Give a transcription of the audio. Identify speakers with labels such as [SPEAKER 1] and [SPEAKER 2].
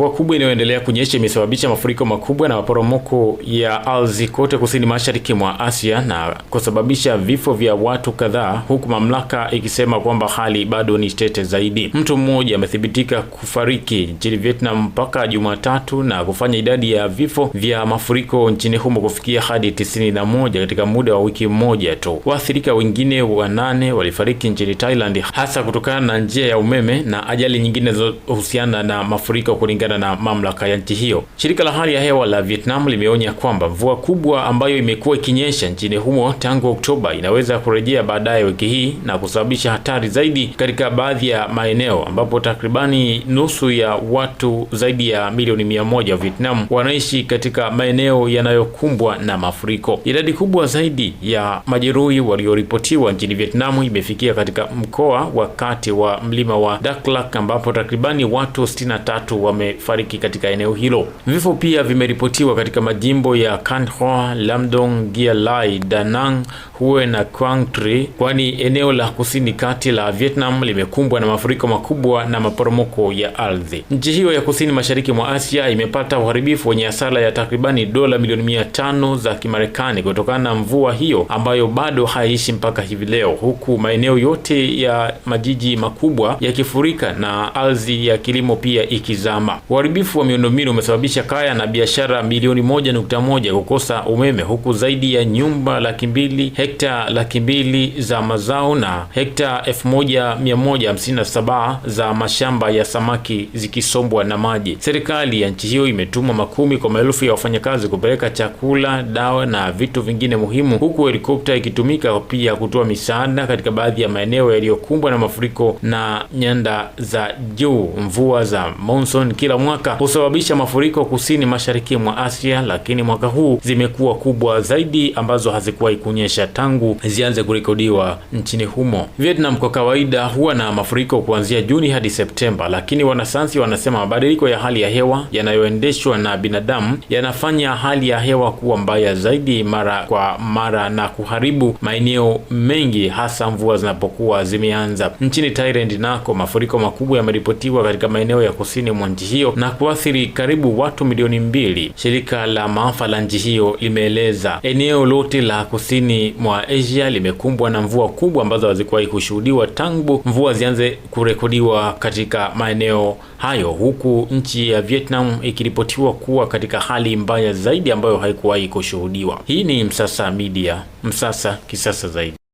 [SPEAKER 1] Mvua kubwa inayoendelea kunyesha imesababisha mafuriko makubwa na maporomoko ya ardhi kote kusini mashariki mwa Asia na kusababisha vifo vya watu kadhaa, huku mamlaka ikisema kwamba hali bado ni tete zaidi. Mtu mmoja amethibitika kufariki nchini Vietnam mpaka Jumatatu na kufanya idadi ya vifo vya mafuriko nchini humo kufikia hadi tisini na moja katika muda wa wiki moja tu. Waathirika wengine wanane walifariki nchini Thailand hasa kutokana na njia ya umeme na ajali nyingine zinazohusiana na mafuriko kulingana kulingana na mamlaka ya nchi hiyo. Shirika la hali ya hewa la Vietnam limeonya kwamba mvua kubwa ambayo imekuwa ikinyesha nchini humo tangu Oktoba inaweza kurejea baadaye wiki hii na kusababisha hatari zaidi katika baadhi ya maeneo ambapo takribani nusu ya watu zaidi ya milioni mia moja wa Vietnam wanaishi katika maeneo yanayokumbwa na mafuriko. Idadi kubwa zaidi ya majeruhi walioripotiwa nchini Vietnam imefikia katika mkoa wa kati wa mlima wa daklak ambapo takribani watu 63 wame wamefariki katika eneo hilo. Vifo pia vimeripotiwa katika majimbo ya Kanho, Lamdong, Gialai, Danang, Hue na Quang Tri, kwani eneo la kusini kati la Vietnam limekumbwa na mafuriko makubwa na maporomoko ya ardhi. Nchi hiyo ya kusini mashariki mwa Asia imepata uharibifu wenye hasara ya takribani dola milioni mia tano za Kimarekani kutokana na mvua hiyo ambayo bado haiishi mpaka hivi leo, huku maeneo yote ya majiji makubwa yakifurika na ardhi ya kilimo pia ikizama. Uharibifu wa miundombinu umesababisha kaya na biashara milioni moja nukta moja kukosa umeme huku zaidi ya nyumba laki mbili hekta laki mbili za mazao na hekta elfu moja mia moja hamsini na saba za mashamba ya samaki zikisombwa na maji. Serikali ya nchi hiyo imetumwa makumi kwa maelfu ya wafanyakazi kupeleka chakula, dawa na vitu vingine muhimu, huku helikopta ikitumika pia kutoa misaada katika baadhi ya maeneo yaliyokumbwa na mafuriko na nyanda za juu. Mvua za monsoon kila kila mwaka husababisha mafuriko kusini mashariki mwa Asia, lakini mwaka huu zimekuwa kubwa zaidi ambazo hazikuwahi kunyesha tangu zianze kurekodiwa nchini humo. Vietnam kwa kawaida huwa na mafuriko kuanzia Juni hadi Septemba, lakini wanasayansi wanasema mabadiliko ya hali ya hewa yanayoendeshwa na binadamu yanafanya hali ya hewa kuwa mbaya zaidi mara kwa mara na kuharibu maeneo mengi, hasa mvua zinapokuwa zimeanza. Nchini Thailand nako mafuriko makubwa yameripotiwa katika maeneo ya kusini mwa nchi hii hiyo na kuathiri karibu watu milioni mbili, shirika la maafa la nchi hiyo limeeleza. Eneo lote la kusini mwa Asia limekumbwa na mvua kubwa ambazo hazikuwahi kushuhudiwa tangu mvua zianze kurekodiwa katika maeneo hayo, huku nchi ya Vietnam ikiripotiwa kuwa katika hali mbaya zaidi ambayo haikuwahi kushuhudiwa. Hii ni Msasa Media, Msasa kisasa zaidi.